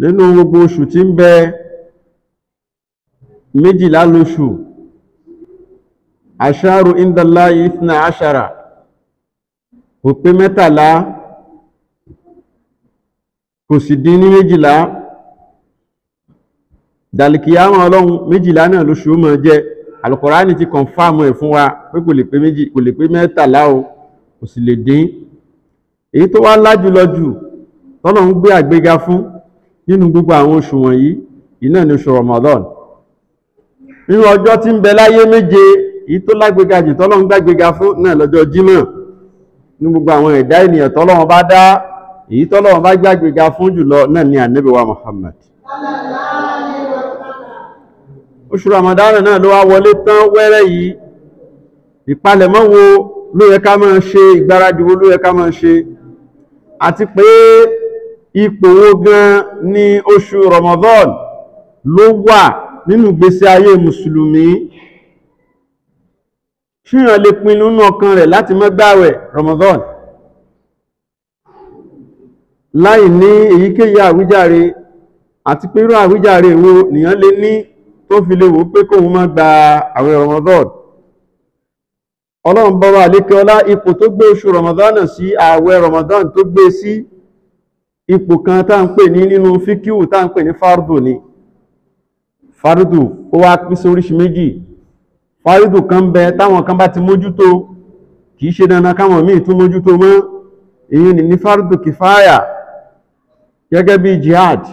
nínú gbogbo oṣù tí ń bẹ méjìlá lóṣù aṣáàrù indala ìfìnà aṣára kò pé mẹ́tàlá kò sì dín ní méjìlá dàlìkìyàmà ọlọ́run méjìlá náà lóṣù ó máa jẹ́ alùkọ̀ránì ti kọ̀nfàmù ẹ̀ fún wa pé kò lè pé méjì kò lè pé mẹ́tàlá o kò sì lè dín èyí tó wá lájùlọ jù tọ́lọ́run gbé àgbéga fún nínú gbogbo àwọn oṣù wọ̀nyí iná ní oṣù Ramadan nínú ọjọ́ tí ń bẹ láyé méje èyí tó lágbéga jù tọ́lọ́run gbàgbéga fún náà lọ́jọ́ jímọ̀ ní gbogbo àwọn ẹ̀dá ènìyàn tọ́lọ́run bá dá èyí tọ́lọ́run bá gbàgbéga fún jùlọ náà ní ànábì wa Muhammad oṣù Ramadan náà ló wá wọlé tán wẹ́rẹ́ yìí ìpalẹ̀mọ́ wo ló yẹ ká máa ṣe ìgbáradì wo ló yẹ ká máa ṣe àti pé ipò wo gan ni oṣù Ramadan ló wà nínú gbésí ayé mùsùlùmí ṣíyàn lè pinnu nínú rẹ̀ láti má Ramadan láì ní èyíkéyìí àwíjàre àti pé irú àwíjàre wo nìyàn lè ní tó fi lè wò pé kóhun má gba àwẹ̀ Ramadan ọlọ́run bọ́rọ̀ àlékẹ́ ọlá ipò tó gbé oṣù Ramadan sí ààwẹ̀ Ramadan tó gbé sí si, ipò kan tá ń pè ní nínú fíkíù tá ń pè ní fardu ni fardu ó wá pín sí oríṣi méjì fardu kan bẹ táwọn kan bá ti mójútó kì í ṣe dandan káwọn míì tún mójútó mọ́ èyí ni ní fardu kìfáyà gẹ́gẹ́ bí jihad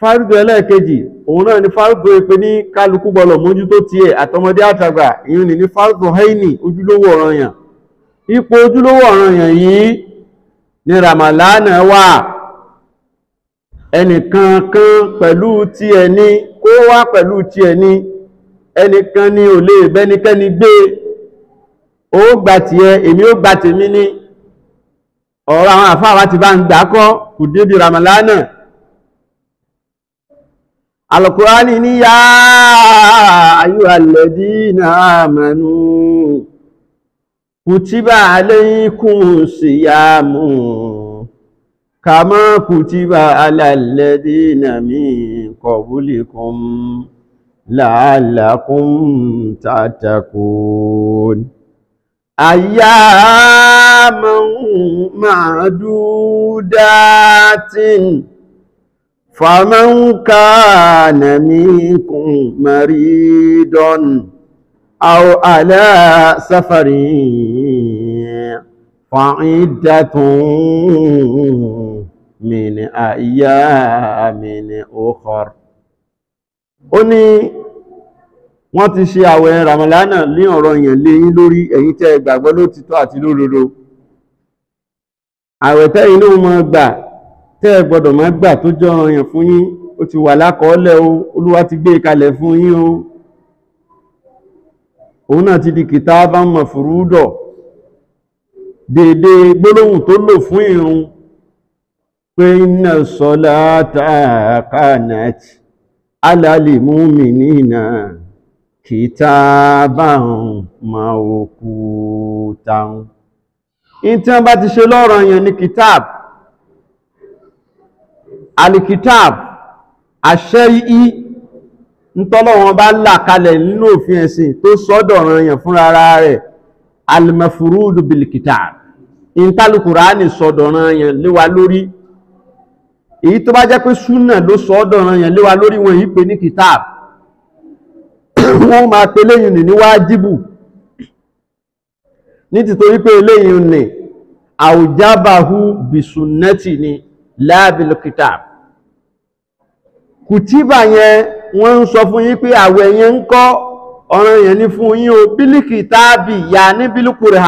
fardu ẹlẹ́ẹ̀kejì òun náà ni fardu epe ní kálukú gbọ́lọ̀ mójútó tiẹ̀ àtọmọdé àtàgbà èyí ni ní fardu haini ojúlówó ọ̀ranyàn ipò ojúlówó ọ̀ranyàn yìí ni ramalana wa ẹnìkankan pẹ̀lú ti ẹni kó wá pẹ̀lú ti ẹni ẹnìkan ni ò lè bẹ́nikẹ́ni gbé ó gbà tí ẹ èmi ó gbà tèmi ní ọ̀rọ̀ àwọn àfáàwá ti bá ń dákọ́ kù débi ramalana alùkùránì ní yá ayú alladina amanu kùtíbà alaykum siyamu كما كتب على الذين من قبلكم لعلكم تتقون أياما معدودات فمن كان منكم مريضا أو على سفر فعدة min ayyamin ukhar ó ní wọ́n ti ṣe àwẹ̀ ramalana ní ọ̀rọ̀ yẹn lé yín lórí ẹ̀yin tẹ́ gbàgbọ́ lótìtọ́ àti lódodo àwẹ̀ tẹ́yìn ló mọ gbà tẹ́ gbọ́dọ̀ má gbà tó jẹ́ ọ̀rọ̀ yẹn fún yín ó ti wà lákọọ́lẹ̀ o olúwa ti gbé e kalẹ̀ fún yín o òun náà ti di kìtàbán mafurudọ̀ déédéé gbólóhùn tó lò fún ìrun pé iná sọlá tààkánàt alálì múmi nínà kìtàbáhùn ma òkú táhùn ìtàn bá ti ṣe lọ́rọ̀ yẹn ní kìtàb alìkìtàb àṣẹ́yí ntọ́lọ́wọ́n bá là kalẹ̀ nínú òfin ẹ̀sìn tó sọ́dọ̀ràn yẹn fúnra rẹ̀ almafurudu bilkìtàb ìntàlùkùránì sọ́dọ̀ràn yẹn léwa lórí èyí tó bá jẹ́ pé súnà ló sọ ọ́ yẹn léwa lórí wọn yìí pé ní wọ́n máa pe léyìn nì ní wájíbù ní tìtorí pé léyìn nì àwùjábàhú bìsùnẹ́tì ni láàbìlì kìtáàb kùtíbà yẹn wọ́n ń sọ fún yín pé àwẹ̀ yẹn ń kọ́ ọ̀ràn yẹn ni fún yín o bílíkì kitaabi, yà ní bílíkùrì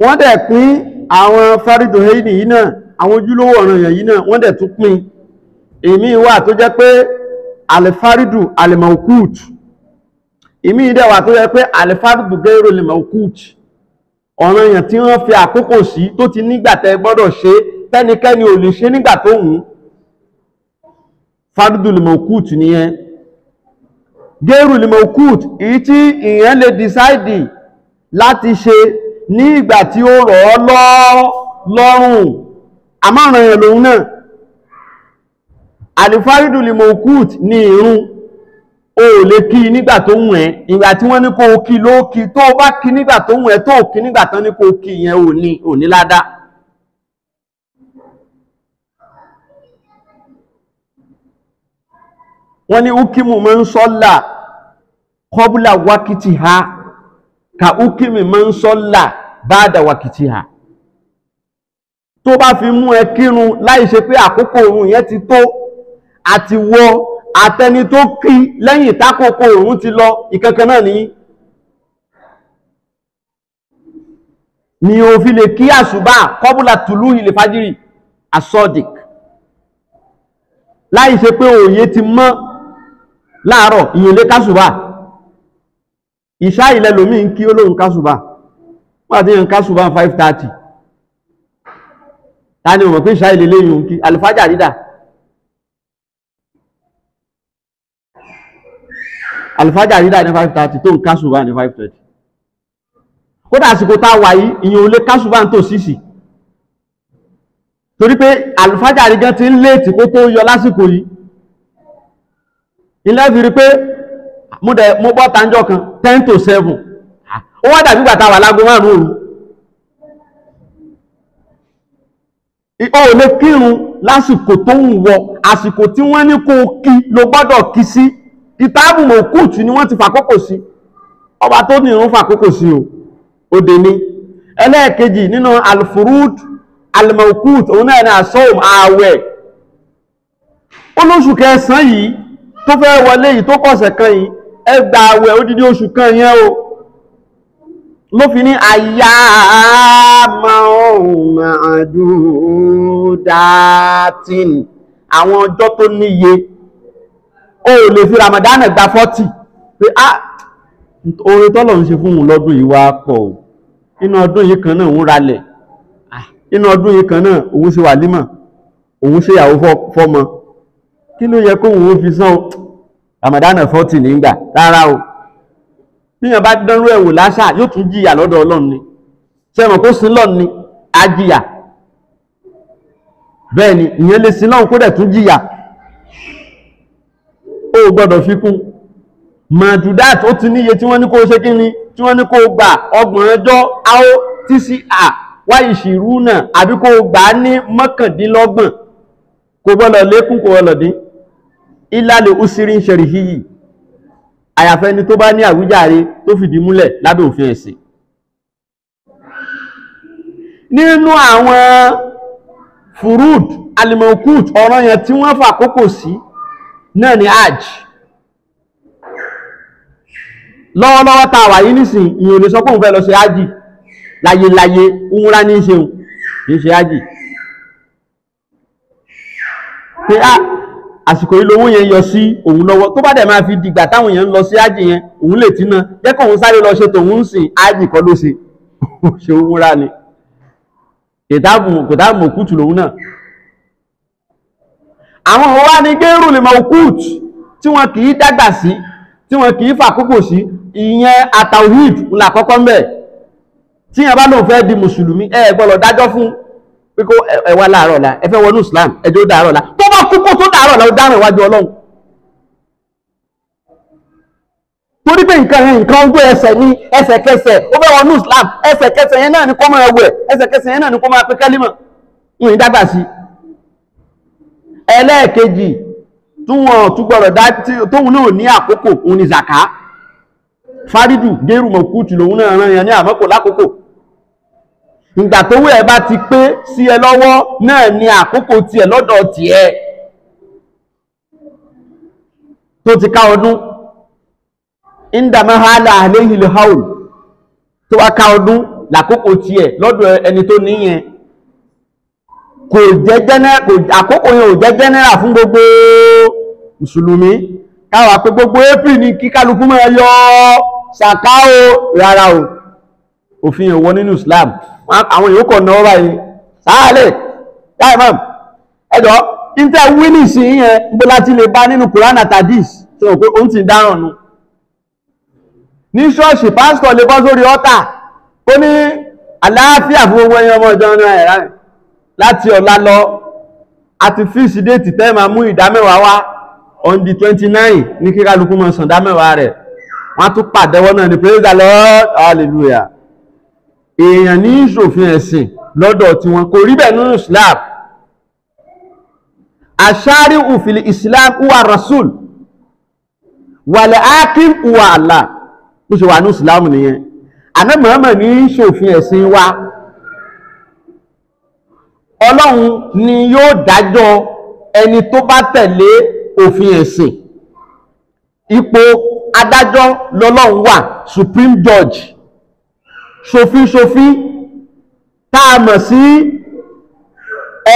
wọ́n dẹ̀ àwọn fárídò hẹ́ìnì yìí náà àwọn ojúlówó ọ̀ràn èèyàn yìí náà wọ́n dẹ̀ tún pín èmi wà tó jẹ́ pé alifárídù alimọ̀kúùt èmi dẹ̀ wà tó jẹ́ pé alifárídù gẹ́rọ alimọ̀kúùt ọ̀ràn èèyàn tí wọ́n fi àkókò sí tó ti nígbà tẹ́ gbọ́dọ̀ ṣe tẹ́nikẹ́ni ò lè ṣe nígbà tó wù ú fárídù alimọ̀kúùt nìyẹn gẹ́rù alimọ̀kúùt èyí tí èèyàn lè decide láti ṣe ní ìgbà tí ó rọ̀ ọ́ lọ́rùn àmọ́ràn èèyàn lòun náà àlìfárídù lè mọ̀ òkúùt ní ìrun o ò lè kí nígbà tó wùn ẹ́ ìgbà tí wọ́n ní kó o kí ló kí tó o bá kí nígbà tó wùn ẹ́ tó o kí nígbà tán ní kó o kí yẹn ò ní ò ní ládá wọ́n ní ukimu mọ́ ń sọ́là kọ́bùlà wákìtì ha ka ukimi man sọ́là bada wakitiha tó bá fi mú ẹ kírun láì ṣe pé àkókò òun yẹn ti tó àti wọ àtẹni tó kí lẹ́yìn tákòókò òun ti lọ ìkankan náà nìyí ni o fi lè kí àṣùbà kọ́bùlà tùlú ilẹ̀ fájírì asọ́dìk láì ṣe pé òye ti mọ́ láàárọ̀ ìyẹn kásùbà ìṣá ilẹ̀ lómi ń kí olóhun kásùbà pàtí yàn kásùbà 5:30 ta ni wọ́n pé ìṣá ilẹ̀ lẹ́yìn òun kí alifájà dídà alifájà dídà ní 5:30 tó ń kásùbà ní 5:30 kódà àsìkò tá a wà yìí ìyẹn ò lè kásùbà ń tò sísì torí pé alifájà dídà ti ń léètì kó tó yọ lásìkò yìí ilẹ̀ fi rí pé mo dẹ̀ mo bọ́ tanjọ́ kan ten to seven ah, ó wá dàbí gbàtà wà lágo márùn òru o lè kírun lásìkò tó ń wọ àsìkò tí wọ́n ní kó kí ló gbọ́dọ̀ kí sí ìtààbù mọ̀kúùtù ni wọ́n ti fàkókò sí ọba tó ní ìrún fàkókò sí o òde ni ẹlẹ́ẹ̀kejì nínú alfurud almokut òun náà ní asom ààwẹ̀ olóṣù kẹsàn-án yìí tó fẹ́ wọlé yìí tó kọ̀sẹ̀ kan yìí ẹgbà àwẹ̀ odidi oṣù kan yẹn o ló fi ní àyà màdúdàtìn àwọn ọjọ́ tó níye o lè fi ramadana gba 40 pé a ah, oore tọ́lọ̀ ń ṣe fún un lọ́dún yìí wá pọ̀ o inú ọdún yìí kan náà òun ralẹ̀ ah, inú ọdún yìí kan náà òun ṣe wàlímà òun ṣe ìyàwó fọ́mọ kí ló yẹ kóhun ó fi sán o Ramadan fọ́tì nígbà rárá o bíyàn bá dánrú ẹ̀wò láṣà yóò tún jìyà lọ́dọ̀ ọlọ́run ni ṣẹ́mọ̀ kó sin lọ́run ni á jìyà bẹ́ẹ̀ ni ìyẹn lè sin lọ́run kó dẹ̀ tún jìyà ó gbọ́dọ̀ fi kún mọ̀dúdát ó ti níye tí wọ́n ní ni tí wọ́n ní kó gbà ọgbọ̀n ọjọ́ áó tí sí à wá ìṣirú náà àbí kó gbà á ní mọ́kàndínlọ́gbọ̀n kò gbọ́dọ̀ lékún kò gbọ́dọ̀ ìlàlẹ̀ òsìrí ń ṣẹ̀rì yìí àyàfẹ́ni tó bá ní àwíjàre tó fìdí múlẹ̀ lábẹ́ òfin ẹ̀sìn nínú àwọn furud alimokut ọ̀ràn yẹn tí wọ́n fà kókò sí náà ni aj lọ́wọ́lọ́wọ́ ta wà yìí nísìn ìyẹn ò lè sọ pé òun fẹ́ lọ ṣe ájì láyéláyé umra ní í ṣeun kì ṣe ájì àsìkò yìí lówó yẹn yọ sí òun lọ́wọ́ tó bá dẹ̀ máa fi dìgbà táwọn èèyàn ń lọ sí ájì yẹn òun lè tí náà jẹ́kọ̀ òun sáré lọ ṣe tòun ń sìn ájì kọ́ ló ṣe ṣe òun rà ni kò dáàbò òkútù lòun náà. àwọn wa ni gẹ́rù lè mọ òkútù tí wọn kì í dàgbà sí tí wọn kì í fàkókò sí ìyẹn àtàwíìd ńlá kọ́kọ́ ń bẹ̀ tí yẹn bá lóun fẹ́ di mùsùlùmí ẹ gbọ́dọ̀ dájọ́ fún pé kó ẹ wá láàárọ̀ la ẹ fẹ́ wọnú Islam ẹ tó dàárọ̀ la tó bá kú kó tó dàárọ̀ la ó dáràn iwájú Ọlọ́run torí pé nǹkan yẹn nǹkan ń gbé ẹsẹ̀ ní ẹsẹ̀kẹsẹ̀ ó fẹ́ wọnú Islam ẹsẹ̀kẹsẹ̀ yẹn náà ni kó máa wẹ̀ ẹsẹ̀kẹsẹ̀ yẹn náà ni kó máa pé kálímà ń yín dágbà sí ẹlẹ́ẹ̀kejì tí wọ́n tún gbọ́dọ̀ dá tóun náà ní àkókò òun ni zaka fárídù gẹ́rù mọ̀kútù lòun náà rán yẹn ní àmọ́kò lákòókò ìgbà tó wé ẹ bá ti pé sí ẹ lọ́wọ́ náà ni àkókò tiẹ̀ lọ́dọ̀ tiẹ̀ tó ti ká ọdún indamahala alehil haul tó wá ká ọdún làkókò tiẹ̀ lọ́dọ̀ ẹni tó níyẹn kò jẹ́ àkókò yẹn ò jẹ́ general fún gbogbo mùsùlùmí káwà pé gbogbo april ní kíkálukú mọ́ yọ ṣàkáwò rárá o òfin ìwọ nínú Islam àwọn èèyàn kọ̀ náà báyìí sáàlẹ̀ láì mọ̀ ẹ̀dọ́ intel wíìlì sí yẹn gbé láti lè bá nínú Quran atadis ṣe rò pé ó ń ti dáràn nu ní ṣọ́ọ̀ṣì pásítọ̀ lè bọ́ sórí ọ́tà ó ní àlàáfíà fún gbogbo ẹyẹ ọmọ ìjọ náà ẹ̀rá láti ọ̀la lọ àti fíìsì déètì tẹ́ máa mú ìdámẹ́wàá wá on the twenty nine ní kíkálukú mọ̀ sàn dámẹ́wàá rẹ̀ wọ́n á tún pàdéwọ́ náà ní praise the Lord hallelujah èèyàn ní ìṣòfin ẹ̀sìn lọ́dọ̀ tí wọn kò rí bẹ́ẹ̀ Islam àṣárí òfin Islam uwa rasul wàlẹ̀ akim uwa Allah ló ṣe wà ní Islam nìyẹn àná mọ̀ọ́mọ̀ ní ìṣòfin ẹ̀sìn wa ọlọ́run ni yóò dájọ́ ẹni tó bá tẹ̀lé òfin ẹ̀sìn ipò adájọ́ lọ́lọ́run wà supreme judge ṣòfíṣòfí tá a mọ̀ sí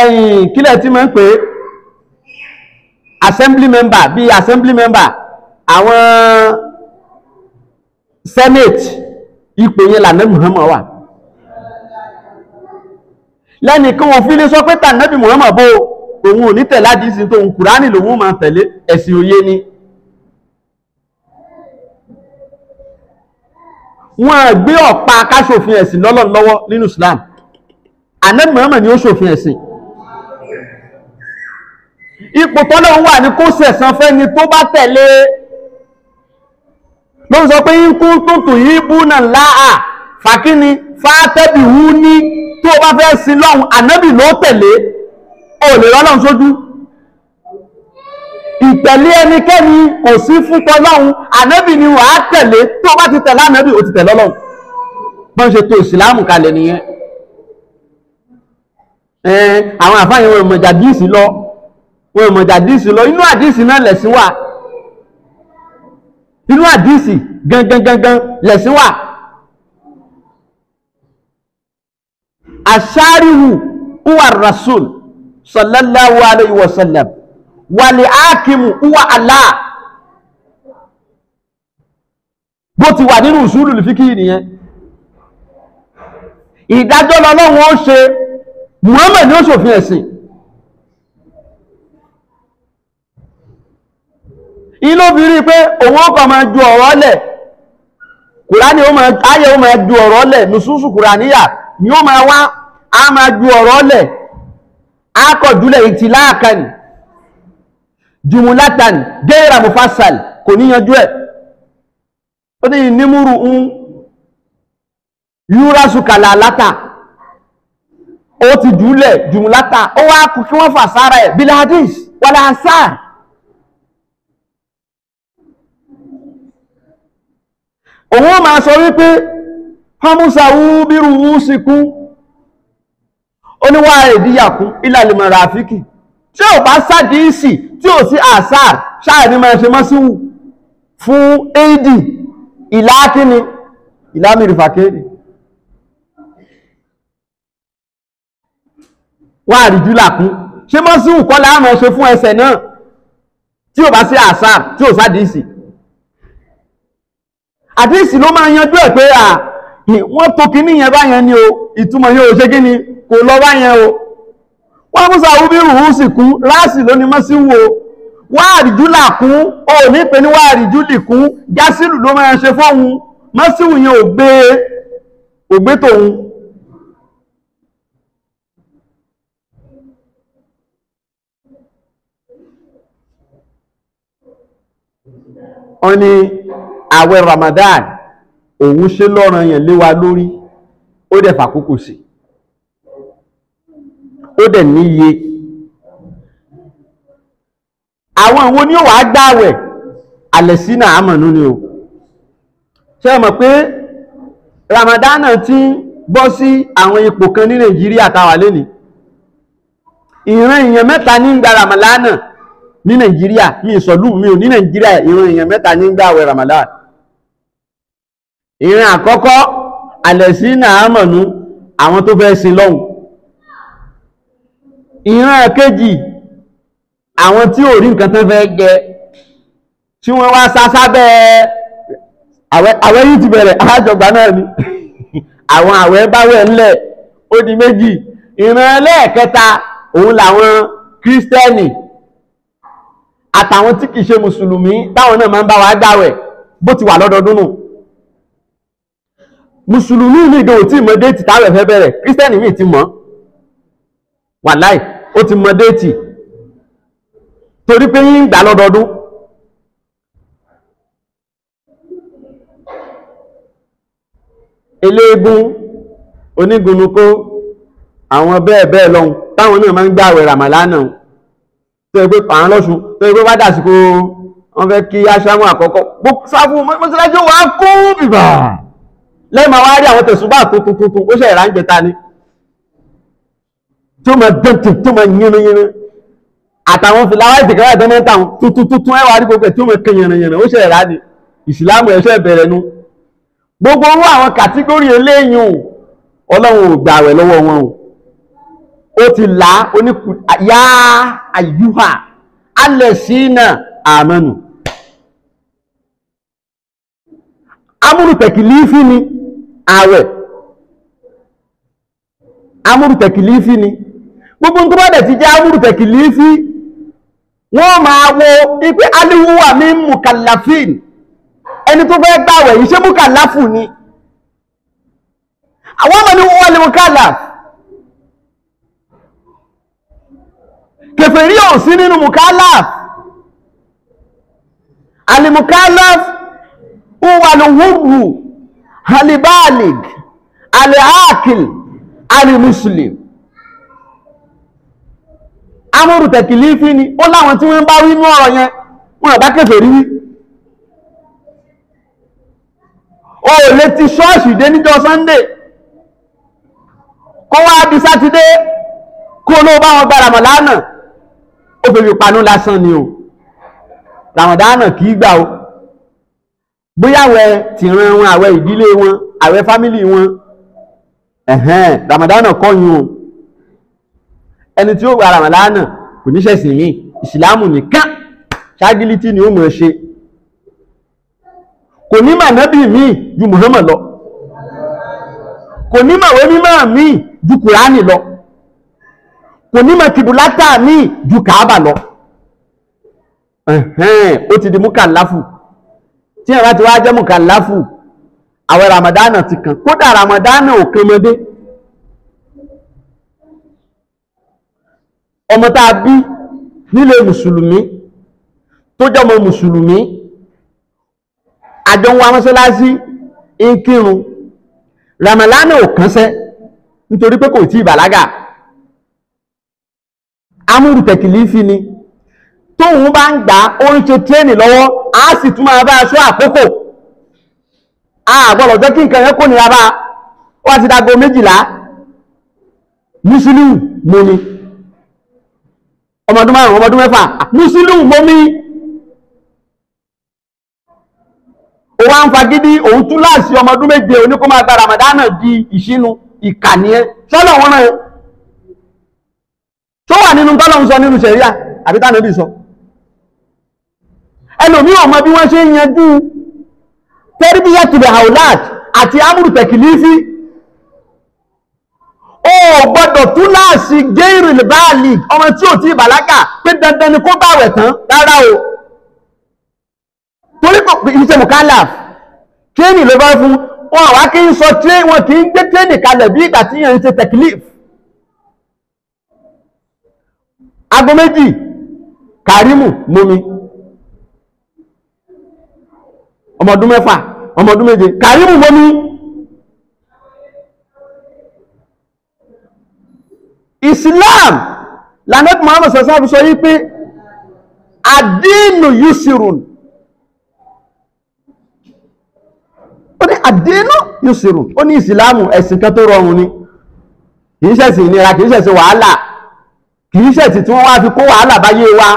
ẹ̀yìn kílẹ̀ tí mọ́ ń pè assembly member bí assembly member àwọn senate ipò yẹn lànà Muhammad wà lẹ́nìkan wọn fi lè sọ pé tànàbí Muhammad bó òun ò ní tẹ̀ládìí sí tó ń Kùránì lòun máa tẹ̀lé ẹ̀sìn òye ni wọn gbé ọ̀pá káṣòfin ẹ̀sìn lọ́lọ́run lọ́wọ́ nínú Islam Ànábì Muhammad ni ó ṣòfin ẹ̀sìn ipò tọ́lọ́run wà ní kó sẹ̀san fẹ́ni tó bá tẹ̀lé ló ń sọ pé ń kún tuntun yìí bú náà láà fàkíní fàtẹ́bì wú ní tó bá fẹ́ sin lọ́hùn Ànábì ló tẹ̀lé ò lè rọ́lọ́run sójú ìtẹ̀lé ẹnikẹ́ni kò sí fún tọ́lọ́hun ànábì ni wàá tẹ̀lé tó bá ti tẹ̀lé ànábì ó ti tẹ̀lé Ọlọ́hun bó ń ṣe tó ìsìláàmù kalẹ̀ nìyẹn àwọn àfáàyàn wọn ìmọ̀jà díìsì lọ wọn ìmọ̀jà díìsì lọ inú àdíìsì náà lẹ̀sìn wà inú àdíìsì gangan gangan lẹ̀sìn wà àṣáríhù huwa rasul sallallahu alayhi wa sallam wàlẹ̀ ákìmù uwa aláà bó ti wà nínú ìṣúlù lùfíkì nìyẹn ìdájọ́ lọ́lọ́run ó ṣe Muhammad ni ó ṣòfin ẹ̀sìn inú rí pé òun ọkọ̀ máa ju ọ̀rọ̀ ọlẹ̀ kùránì ayé ó máa ju ọ̀rọ̀ lẹ̀ ni ó wá a ju ọ̀rọ̀ ọlẹ̀ jùmùlátàn gẹ́rà mufassal kò níyanjú ẹ̀ ó ní nímúrù ń yúrásùkàlà látà ó ti jùúlẹ̀ jùmùlátà ó wá kú kí wọ́n fà sára ẹ̀ bí hadith wàlá sáà òun ó máa sọ wípé hamusa wúbírù wúsìkú oníwà ìdíyàkú ìlàlìmọ̀ ràfíkì tí ò bá sádìísì tí ò sí asar ṣáà ní máa ṣe mọ́síwù fún éèdì ìlàákíní ìlàmìrìfàkéèrè wà ríjú làkún ṣe mọ́síwù kọ́ láàmọ́ ṣe fún ẹsẹ̀ náà tí ò bá sí asar tí ò sádìísì àdìísì ló máa yanjú ẹ̀ pé à wọ́n tó kíní yẹn báyẹn ni o ìtumọ̀ yóò ṣe kíní kò lọ báyẹn o wọ́n músa wúbí rùhúsì kún ráàsì ló ní mọ́sí wo wáàrìjú là kún ó ní pé ní wáàrìjú lì kún jásílù ló máa ṣe fóun mọ́síwù yẹn ò gbé ò gbé tòun wọ́n ní àwẹ̀ Ramadan òun ṣe lọ́ranyàn lé wa lórí ó dẹ̀ fàkókò sí i ó dẹ̀ níye àwọn ìwo ni ó wàá gbààwẹ̀ àlẹ̀sínà àmọ̀nú ni o ṣe mọ̀ pé ramadana ti ń bọ́ sí àwọn ipò kan ní nàìjíríà táwa lẹ́ni ìran èèyàn mẹ́ta ní ń gba ramadana ní nàìjíríà mi ìsọ̀lú mi ò ní nàìjíríà ìran èèyàn mẹ́ta ní ń gbààwẹ̀ ramadana ìran àkọ́kọ́ àlẹ̀sínà àmọ̀nú àwọn tó fẹ́ sin lọ́hùn ìran kejì àwọn tí ò rí nǹkan tó fẹ́ jẹ tí wọ́n wá sásábẹ́ àwẹ̀ yìí ti bẹ̀rẹ̀ alájọgbà náà ni àwọn àwẹ̀ báwẹ̀ ńlẹ̀ ó di méjì ìran ẹlẹ́ẹ̀kẹta òun làwọn kírísítẹ́nì àtàwọn tí kìí ṣe mùsùlùmí táwọn náà máa ń bá wa gbàwẹ̀ bó ti wà lọ́dọọdún nù mùsùlùmí mi gan ò tí mọ déètì táwẹ̀ fẹ́ bẹ̀rẹ̀ kírísítẹ́nì mi ti mọ̀ wàláì ó ti mọ déètì torí pé yín ń gbà lọ́dọọdún eléégún onígunukó àwọn bẹ́ẹ̀ bẹ́ẹ̀ lọ́hun táwọn náà máa ń gbààwẹ̀ ràmàlánà tó ẹgbẹ́ pàrán lọ́sùn tó ẹgbẹ́ bá dàsìkò wọ́n fẹ́ kí aṣáwọn àkọ́kọ́ sáfù mọ́sálásí wà kún bìbà lẹ́ẹ̀mà wá rí àwọn tẹ̀sùbà tuntun tuntun ó ṣe ìrànjẹta ni tí ó mọ̀ dẹ́ntì tí ó mọ̀ yínrìnyínrìn àtàwọn fìlà wáyé tìkẹ́rẹ́ àtẹ́mọ́ táwọn tuntun tuntun ẹwà rí gbogbo ẹ̀ tí ó mọ̀ kẹ́ yínrìnyínrìn ó ṣẹlẹ̀ láti ìsìlámù ẹ̀ṣẹ̀ bẹ̀rẹ̀ nu gbogbo owó àwọn kàtígórì eléyìn o ọlọ́run ò gbà wẹ̀ lọ́wọ́ wọn o ó ti là á oníkù yá àyùhà alẹ̀ sí náà àmọ́nù amúrùtẹ̀kìlífì ni àwẹ̀ amúrùtẹ̀kìlífì ni gbogbo tó bá dẹ̀ ti jẹ́ amúrù tẹ̀kìlì sí wọ́n máa wo ipé aliwuwa mi mukallafin ẹni tó fẹ́ gbàwẹ̀ yìí ṣé mukallafu ni àwọn ọmọ ni wọ́n wà ní mukallaf kèfèrí ò sí nínú mukallaf alimukallaf huwa alwubu alibalig aliakil alimuslim amúrù tẹ̀kìlífì ni ó láwọn tí wọ́n bá wí mú ọ̀rọ̀ yẹn wọ́n bá kẹfẹ́ rí wí o lè ti ṣọ́ọ̀ṣì dé níjọ́ Sunday kó wá di sátidé kó ló bá wọn gbára mọ̀ lánà ó fèrè panú lásán ni o ràmọ̀dánà kì í gbà o bóyá àwẹ̀ tìran wọn àwẹ̀ ìdílé wọn àwẹ̀ fámílì wọn ẹ̀hẹ́n ràmọ̀dánà kọ́yún o ẹni tí ó gba ramadana kò ní ṣẹ̀sìn mí ìsìlámù nìkan ṣágilítì ni ó mọ̀ ṣe kò ní mànábì mí ju Muhammad lọ kò ní màwé mímọ́ mí ju Kùránì lọ kò ní màkìbùlátà mí ju Kàábà lọ ó ti di mùkàláfù tí ẹ̀rọ ti wá jẹ́ mùkàláfù àwọn ramadana ti kàn kódà ramadana ò kàn mọ́dé ọmọ tá a bí nílé mùsùlùmí tó jọmọ mùsùlùmí àjọ wa mọ́sálásí ń kírun ramalani ò kánṣẹ́ nítorí pé kò tí ì bàlágà amúrù tẹ̀kìlífì ni tóun bá ń gbà ó ń ṣe tíẹ́nì lọ́wọ́ a sì tún máa bá aṣọ àkókò a gbọ́dọ̀ jẹ́ kí nǹkan yẹn kò wá ti dago méjìlá mùsùlùmí mo ni ọmọdún márùn ọmọdún mẹ́fà mùsùlùmù mọ́mí ó wá ń fagídí òun tún láàṣì ọmọdún méje oníkó máa gba ramadana di ìṣínú ìkànnì ẹ sọ́nà wọn náà tó wà nínú tọ́lọ̀ ń sọ nínú sẹ̀ríà àbí tánà bí sọ ẹlòmí ọmọ bí wọ́n ṣe ń yanjú tẹ́rìbíyà tìbẹ̀ haulat àti amúrù tẹ̀kìlífì o gbọ́dọ̀ túláàsì géèrè báàlì ọmọ tí ò tí ìbàlágà pé dandan ni kó bàwẹ̀ tán rárá o torí kò pè iṣẹ́ mùkálà tírénì ló bá fún wọn àwa kí ń sọ tírénì wọn kì í gbé tírénì kalẹ̀ bí ìgbà tí yẹn ń ṣe tẹ̀kílíf aago méjì kàrímù momi ọmọ ọdún mẹ́fà ọmọ méje kàrímù momi Islam lanet Muhammad sassan fi sọ wípé àdínù yusirun ó ní àdínù yusirun ó ní ìsìláàmù ẹ̀sìn kan tó rọrùn ni kìí ṣẹ̀sìn ìnira kìí ṣẹ̀sìn wàhálà kìí ṣẹ̀sìn tí wọ́n wá fi kó wàhálà báyé wa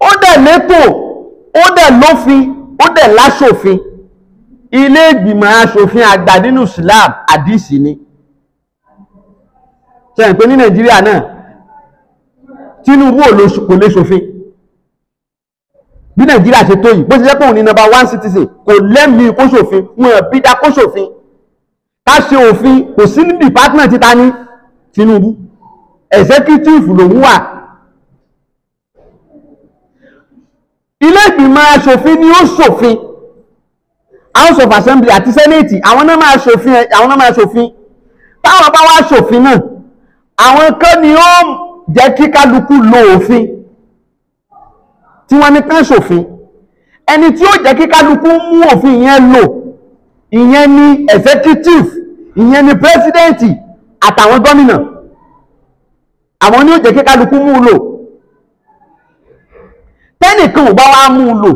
ó dẹ̀ létò ó dẹ̀ lófin ó dẹ̀ láṣòfin ilé ìgbìmọ̀ aṣòfin àgbà nínú Islam àdìsí ni sẹ́yìn pé ní nàìjíríà náà Tinubu kò lè ṣòfin bí nàìjíríà ṣe tó yìí bó ṣe jẹ́ pé òun ní nọ́mbà one citizen kò lẹ́mìí kó ṣòfin wọn bí dá kó ṣòfin ká ṣe òfin kò sí ní department ta ní Tinubu executive lòun wà ilé ìgbìmọ̀ aṣòfin ni ó ṣòfin house of assembly àti senate àwọn náà máa ṣòfin àwọn náà máa ṣòfin táwọn bá wá ṣòfin náà àwọn kan ni ó jẹ́ kí kálukú lo òfin tí wọ́n ní kán ṣòfin ẹni tí ó jẹ́ kí kálukú mú òfin ìyẹn lò ìyẹn ni executive ìyẹn ni president àtàwọn gómìnà àwọn ni ó jẹ́ kí kálukú mú lò tẹ́nìkan ò bá wá mú lò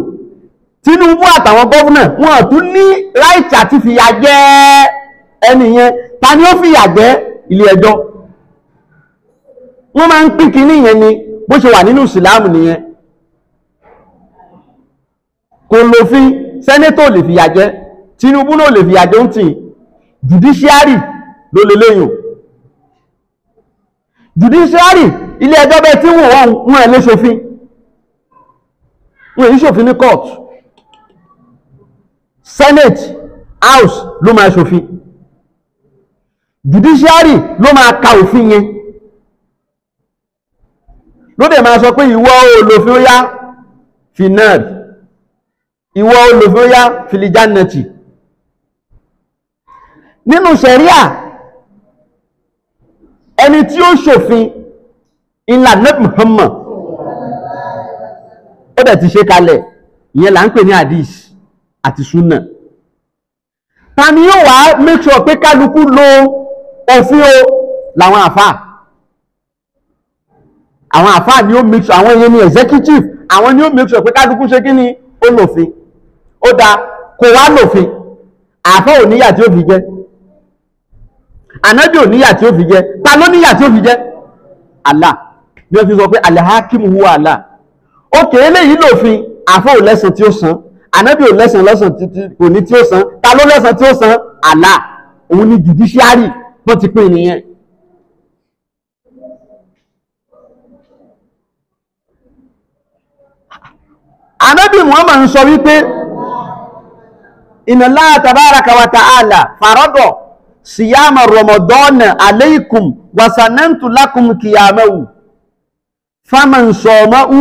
Tinubu àtàwọn gómìnà wọn tún ní right àti fìyà jẹ ẹni yẹn ta ni ó fìyà jẹ ilé ẹjọ́ wọ́n máa ń pín kínní yẹn ni bó ṣe wà nínú ìsìláàmù nìyẹn kò lófin sẹ́nétò lè fìyà Tinubu náà lè fìyà ń tì judiciary ló lè léyìn judiciary ilé ẹjọ́ bẹ́ẹ̀ tí wọ́n wọ́n ẹ̀ lé ṣòfin wọ́n èyí ṣòfin ní court senate house ló máa ṣòfin judiciary ló máa ka òfin yẹn ló dẹ̀ máa sọ pé ìwọ olófin ó yá finad ìwọ olófin ó yá filijanati nínú sẹ̀ríà ẹni tí ó ṣòfin ìlànà Muhammad ó dẹ̀ ti ṣe kalẹ̀ ìyẹn là ń pè ní hadith àti sunna ta ni yóò wá make pé kálukú lo òfin o làwọn àfáà àwọn àfáà ni ó make sure àwọn èèyàn ni executive àwọn ni ó make sure pé kálukú ṣe kí ni ó lòfin ó da kò wá lòfin àfáà ò níyà tí ó fi jẹ ànábì ò níyà tí ó fi jẹ ta ló níyà tí ó fi jẹ Allah ni ó fi sọ pé alihakimu huwa Allah òkè eléyìí lòfin àfáà ò lẹ́sàn tí ó san ànábì ò lẹ́sàn lẹ́sàn títí kò ní tí ó san ta ló lẹ́sàn tí ó san Allah òun ni judiciary bó ti pín nìyẹn anábì muhammad ń sọ wípé inna Allah tabaraka wa ta'ala faradọ̀ síyáma rọmọdọ́nà aleikum wasanantu lakum kìyàmẹ́wù faman sọmọ́ú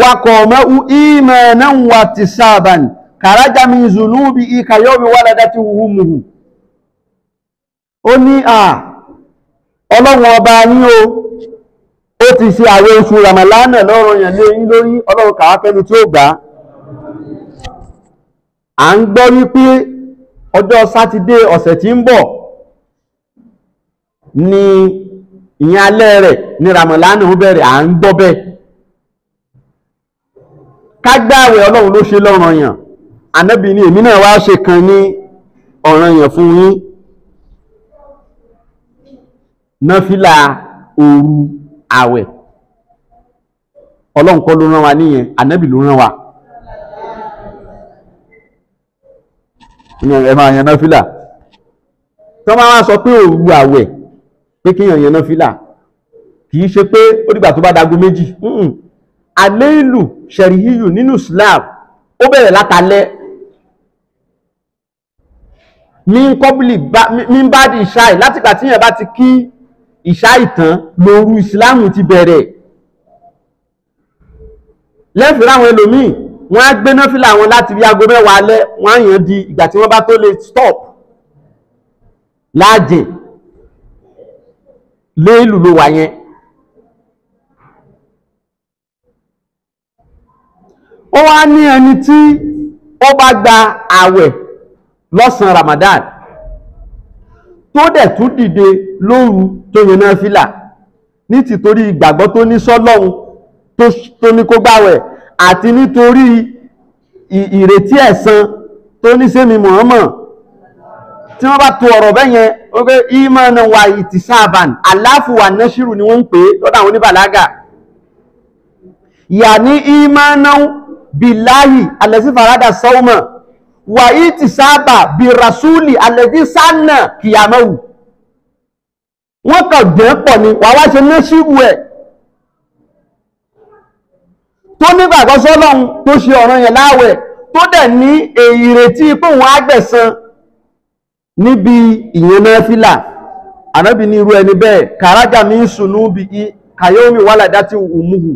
wakọ̀mọ́ú imanan wa tisaban karaja min zunubi ikayobi waladati wumuhu ó ní à ọlọ́run ọba yín o ó ti ṣe àwọn oṣù ramalana lọ́rọ̀ yàn lé yín lórí ọlọ́run kàwákẹ́ni tí ó gbà á à ń gbọ́ wípé ọjọ́ sátidé ọ̀sẹ̀ tí ń ni ìyẹn alẹ́ rẹ̀ ni ramalana ó bẹ̀rẹ̀ à ń gbọ́ bẹ́ẹ̀ kágbáwẹ̀ ọlọ́run ló ṣe lọ́rọ̀ yàn ànábì ni èmi ṣe kan ní ọ̀ràn yàn fún yín àwẹ̀ ọlọ́run kọ́ ló rán wa níyẹn ànábì ló rán wa ẹ máa yan náfìlà tó máa wá sọ pé òru àwẹ̀ pé kéèyàn yan náfìlà kì í ṣe pé ó dìgbà tó bá dago méjì alẹ́ ìlú ṣẹ̀ríhíyù nínú Islam ó bẹ̀rẹ̀ látàlẹ́ mi ń kọ́bìlì mi ń bá di ṣáì látìgbà tíyẹn bá ti kí ìṣá ìtàn lóru ìsìláàmù ti bẹ̀rẹ̀ lẹ́fìrá àwọn ẹlòmíì wọ́n á gbé náfìlà àwọn láti bí aago mẹ́wàá alẹ́ wọ́n á yàn di ìgbà tí wọ́n bá tó lè stop láàjìn léèlù ló wà yẹn ó wá ní ẹni tí ó bá gba ààwẹ̀ lọ́sàn Ramadan tó dẹ̀ tún dìde lóru tó yan náfìlà ní tìtorí ìgbàgbọ́ tó ní sọ́lọ́run tó ní kó gbàwẹ̀ àti nítorí ìrètí ẹ̀san tó ní sẹ́mi Muhammad tí wọ́n bá to ọ̀rọ̀ bẹ́ẹ̀ yẹn ó pé ìmọ̀nà wa ìtìsáàbàn aláfùwà nẹ́ṣírù ni wọ́n ń pè é lọ́dọ̀ àwọn oníbàlágà yà ní ìmọ̀nà bíláyì alẹ́sífàrádà sọ́ọ̀mọ̀ wàyí ti sábà bí rasúlì alẹ́dí sánà kìyàmọ́wù wọ́n kàn dẹ̀ pọ̀ ni wà wá ṣe méṣíwù ẹ̀ tó nígbàgbọ́ sọ́lọ́run tó ṣe ọ̀ràn yẹn láwẹ̀ tó dẹ̀ ní èyí retí pòun àgbẹ̀san níbi ìyẹn náfìlà ànábì ní irú ẹni bẹ́ẹ̀ kàrájà mi ń sùn níbi kàyọ́mi wàlàdá ti wùmùhù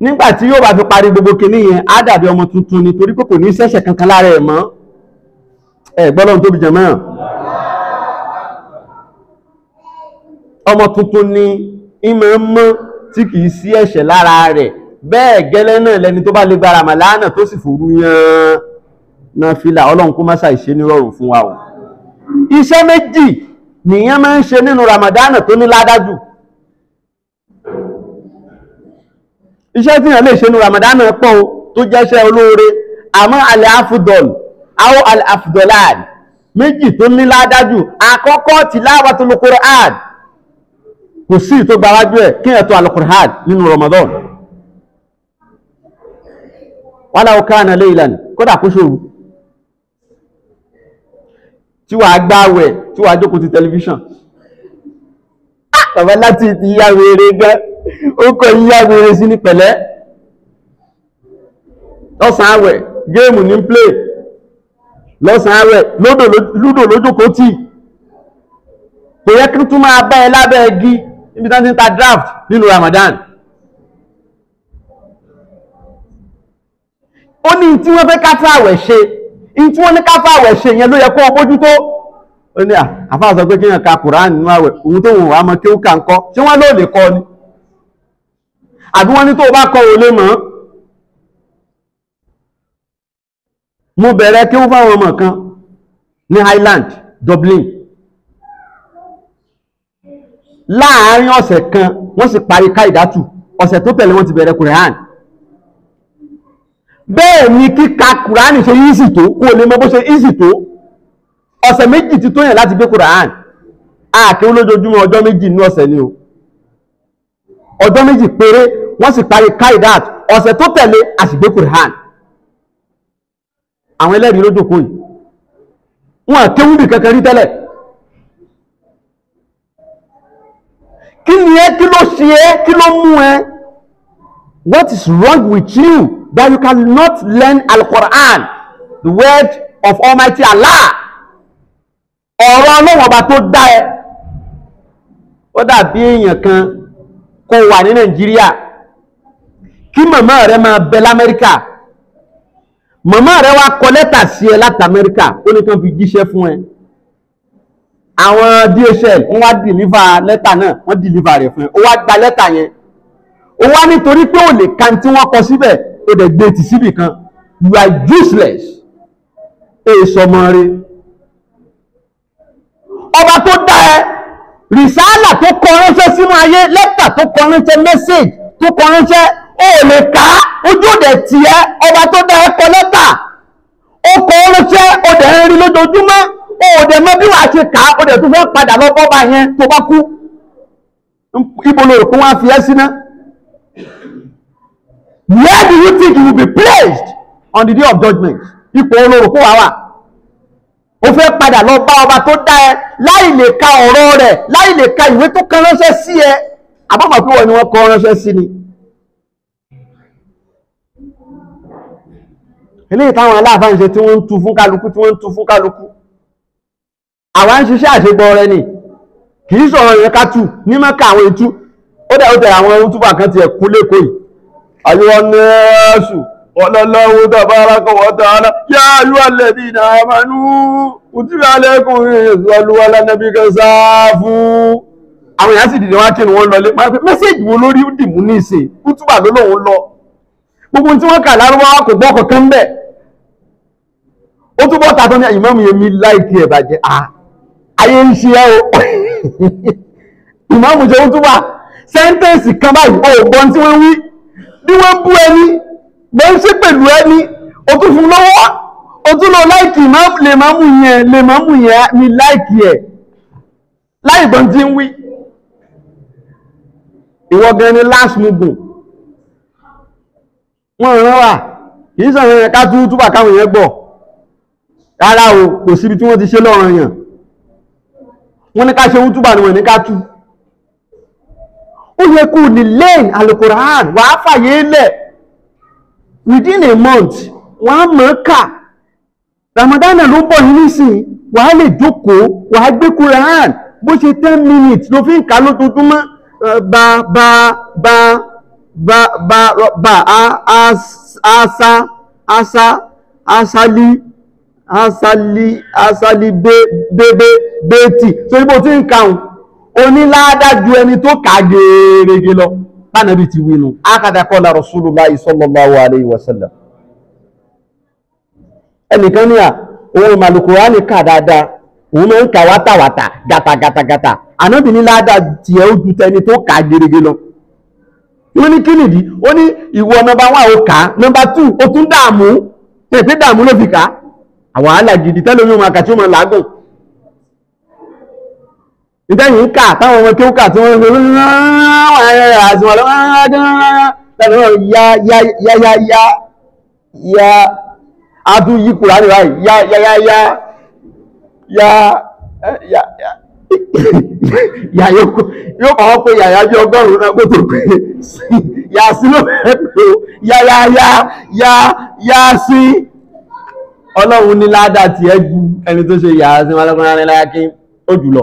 nígbà tí yóò bá fi parí gbogbo kinní yẹn á dàbí ọmọ tuntun ni torí pé kò ní ṣẹ̀ṣẹ̀ kankan lára ẹ̀ mọ́ ẹ̀ gbọ́dọ̀ tóbi jẹ̀ mọ́ràn ọmọ tuntun ni ìmọ̀ ń mọ́ tí kì í sí ẹ̀ṣẹ̀ lára rẹ̀ bẹ́ẹ̀ gẹ́lẹ́ náà lẹni tó bá lè gbára màláánà tó sì fòru yan náà fìlà ọlọ́run kó má ṣàìṣe nírọ̀rùn fún wa o iṣẹ́ méjì nìyẹn máa ń ṣe nínú ramadana tó ní ládájú iṣẹ́ tí yàn lè ṣe ní Ramadan pọ̀ o tó jẹ́ṣẹ́ olóore àmọ́ alẹ́ afudol àwọn alẹ́ afudolad méjì tó ní ládájú àkọ́kọ́ tilawatul Qur'an kò sí tó gbáwájú ẹ̀ kí ẹ̀tọ́ al-Qur'an nínú Ramadan walau kana ti tẹlifíṣàn bàbá láti ti yá wèrè gan ó kọ yíyá wèrè sí ní pẹ̀lẹ́ lọ́sàn àwẹ̀ géèmù ní play lọ́sàn àwẹ̀ lúdò lójókòó tí kò yẹ kí tún máa bá ẹ lábẹ́ ẹgí níbi tán ti ń ta draft nínú Ramadan ó ní tí wọ́n fẹ́ káfà àwẹ̀ ṣe in tí wọ́n ní káfà àwẹ̀ ṣe yẹn ló yẹ kó o bójútó ó ní àfáà sọ pé kíyàn ka Kùránì nínú àwẹ̀ òun tó wùn wá mọ kí ó kà ń kọ́ ṣé wọ́n ló lè kọ́ ni àbí wọ́n ní tó bá kọ́ ò lè mọ̀ mo bẹ̀rẹ̀ kí ó fáwọn ọmọ kan ní Highland Dublin láàárín ọ̀sẹ̀ kan wọ́n sì parí káìdátù ọ̀sẹ̀ tó tẹ̀lé wọ́n ti bẹ̀rẹ̀ Kùránì bẹ́ẹ̀ ni kíka Kùránì ṣe easy tó kó o lè mọ bó ṣe easy tó ọ̀sẹ̀ méjì ti tó yàn láti gbé Quran ààkẹ́ olójoojúmọ́ ọjọ́ méjì ní ọ̀sẹ̀ ni o ọjọ́ méjì péré wọ́n sì parí kaidat ọ̀sẹ̀ tó tẹ̀lé àsìgbé Quran àwọn ẹlẹ́rìí ló jókòó yìí wọn kéwú bì kankan rí tẹ́lẹ̀ kí ni ẹ kí ló ṣe ẹ kí ló mú ẹ what is wrong with you that you cannot learn Al-Quran the word of Almighty Allah ọ̀rọ̀ ọlọ́wọ̀n bá tó dá ẹ ó dàbí èèyàn kan kó wà ní nàìjíríà kí màmá rẹ máa bẹ lamẹ́ríkà màmá rẹ wá kọ lẹ́tà sí ẹ láti amẹ́ríkà ó ní kàn fi jíṣẹ́ fún ẹ àwọn DHL wọ́n wá dìlíva lẹ́tà náà wọ́n dìlíva rẹ̀ fún ẹ ó wá gba lẹ́tà yẹn ó wá nítorí pé ò lè kan tí wọ́n kọ síbẹ̀ ó dẹ̀ gbé e tì síbì kan you are useless èso ọmọ rẹ̀ ọba tó dá ẹ rìsáàlà tó kọ ránṣẹ́ sínú ayé lẹ́tà tó kọ ránṣẹ́ mẹ́sẹ̀gì tó kọ ránṣẹ́ ó lè kà ojú òde tì ẹ ọba tó dá ẹ kọ lẹ́tà ó kọ ránṣẹ́ ó ń rí lójoojúmọ́ ó dẹ̀ bí wàá ṣe kà á tó fẹ́ padà lọ bọ́ba yẹn tó bá kú ibo ló rò fi ẹ́ síná. Where do you think you will be placed on the day of judgment? ipò olóró kó wá wà ó fẹ́ padà lọ bá ọba tó dá ẹ láì lè ka ọ̀rọ̀ rẹ̀ láì lè ka ìwé tó kan ránṣẹ́ sí ẹ àbámọ̀ pé wọ́n ni wọ́n kọ ránṣẹ́ sí ni. eléyìí táwọn aláàfáà ń ṣe tí wọ́n ń tu fún kálukú tí wọ́n ń tu fún kálukú àwa ń ṣiṣẹ́ àṣegbọ́ ni kì í sọ̀rọ̀ yẹn ká tù ní mẹ́ka àwọn ètú ó dẹ̀ ó tẹ̀ àwọn ohun túbà kan tiẹ̀ kú lẹ́kọ̀ọ́ yìí àyẹ̀wò nẹ́ẹ̀sù قال الله تبارك وتعالى يا أيها الذين آمنوا كتب عليكم صلوا على النبي كسافوا àwọn èèyàn sì dìde wá kí ni wọ́n lọ lé máa pẹ́ mẹ́sẹ̀jì wo lórí dìmú ní ìsìn kútùbà ló lòun lọ gbogbo tí wọ́n kà lárúbáwá kò gbọ́ kankan bẹ́ẹ̀ ó tún bọ́ tàtọ́ ní ìmáàmù yẹmi láìkí ẹ̀ bàjẹ́ ayé ń ṣe ẹ́ o jẹ́ ó tún wà kan báyìí ó gbọ́n tí wọ́n wí bí wọ́n bú ẹni gbé ń ṣe pẹ̀lú ẹni o tún fún lọ́wọ́ o tún lọ láìkì lè máa mú yẹn lè máa mú yẹn ní láìkì ẹ̀ láì gbọ́n tí ń wí ìwọ gan ni last mugun wọ́n rán wà kì í sọ̀rọ̀ yẹn ká tú túbà káwọn yẹn gbọ́ rárá o kò síbi tí wọ́n ti ṣe lọ́rọ̀ yẹn wọ́n ní ká ṣe túbà ni wọ́n ní ká tú ó yẹ kó ní lẹ́yìn alukoran wàá fàyè lẹ̀ within a month wọ́n á mọ̀ ọ́ Ramadan ló ń bọ̀ yín nísìnyí wàá lè jókòó wàá gbé Quran bó ṣe ten minutes ló fi ń kà lójoojúmọ́ ba ba ba ba ba ba asa asa asali asali asali bébé béètì torí bó ti ń kà ó ní ládàá ju ẹni tó kà gèrègè lọ tánàbí ti wínú ákàdàkọ́lá Rasulullahi sallallahu alayhi wa sallam ẹnìkan ní à òun màlùkùránì kà dáadáa òun máa ń kà wátàwátà gàtàgàtàgàtà ànábì ní ládàá tiẹ̀ ó ju tẹni tó kà gerege lọ wọ́n ní kínìdí ó ní ìwọ nọmba wà ó kà nọmba tù ó tún dààmú pèpè dààmú ló fi kà àwọn àlà tẹ́lẹ̀ omi ò làágùn ìtẹ́yìn ń kà táwọn ọmọ kéwú kà tí wọ́n ń lò àwọn ẹ̀rọ àti wọn lọ́wọ́ tẹ́lẹ̀ náà yá yá yá yá yá yá adú yí kùrá nìyá yá yá yá yá yá yá yá yà yóò kọ́ wọ́n pé yàyà bí ọgọ́rùn-ún náà gbọ́dọ̀ pé yà sí ló fẹ́ pé o yà yà yà yà yà sí ọlọ́run ní ládàá tiẹ̀ ju ẹni tó ṣe yà sí wọn lọ́kùnrin láyà kí ó jùlọ.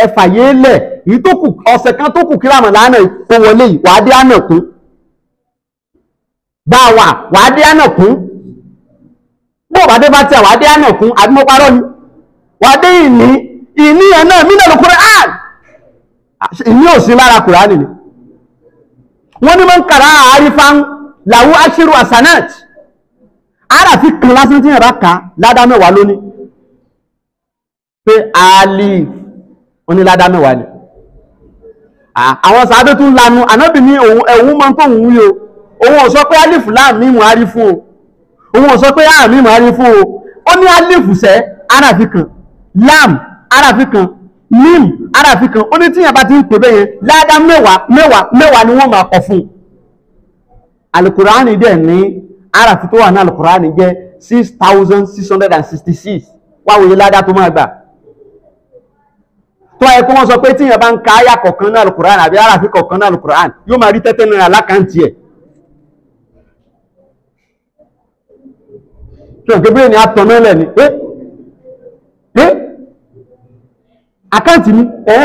ẹ fàyè lẹ̀ èyí tó kù ọ̀sẹ̀ kan tó kù kí ràmàdánà kó wọlé yìí àná kún bá wà wàá àná kún bó bá dé bá tẹ̀ wàá dé àná kún àbí mo parọ́ ni wàá dé ìní ìní ẹ̀ náà mí lẹ́nu kúrẹ́ áà ìní ò sí lára kùránì ni wọ́n ní man kàrá àárífán làwọn aṣírò àsánàt ara fi kan lásán tí yẹn bá ládàá mẹ́wàá lónìí pé àlìf ní ládá mẹ́wàá ni àwọn sàádé tún lanu ànábì ní ẹ̀hún mọ́ tó wù yóò òun ò sọ pé alifu láàmì mọ̀ á rí fún o òun ò sọ pé àmì mọ̀ á fún o ó ní alifu sẹ́ aráàfi kan lam aráàfi kan mim aráàfi kan ó ní tíyàn bá ti ń pè bẹ́yẹn ládá mẹ́wàá mẹ́wàá mẹ́wàá ni wọ́n máa kọ fún un alukurani dẹ̀ ní aráàfi tó wà ní alukurani jẹ́ six thousand six hundred and sixty six wáwo yẹ ládá tó máa gbà tó ẹ kó wọ́n sọ pé tíyàn bá ń ka àyà kọ̀ọ̀kan náà alukur'an àbí aráàfin kọ̀ọ̀kan náà yóò máa rí tẹ́tẹ́ náírà lákàntì ẹ̀. tó ń kébé ni atọ́ mẹ́lẹ̀ ni ẹ́ ẹ́ àkáǹtì mi ẹ́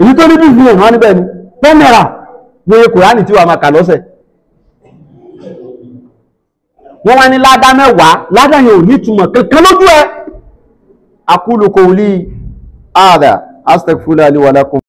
èyí tó ní bí fi hàn níbẹ̀ ni tẹ́ ni wá ní ládá mẹ́wàá ládá yẹn ò ní ìtumọ̀ kankan هذا أستغفر لي ولكم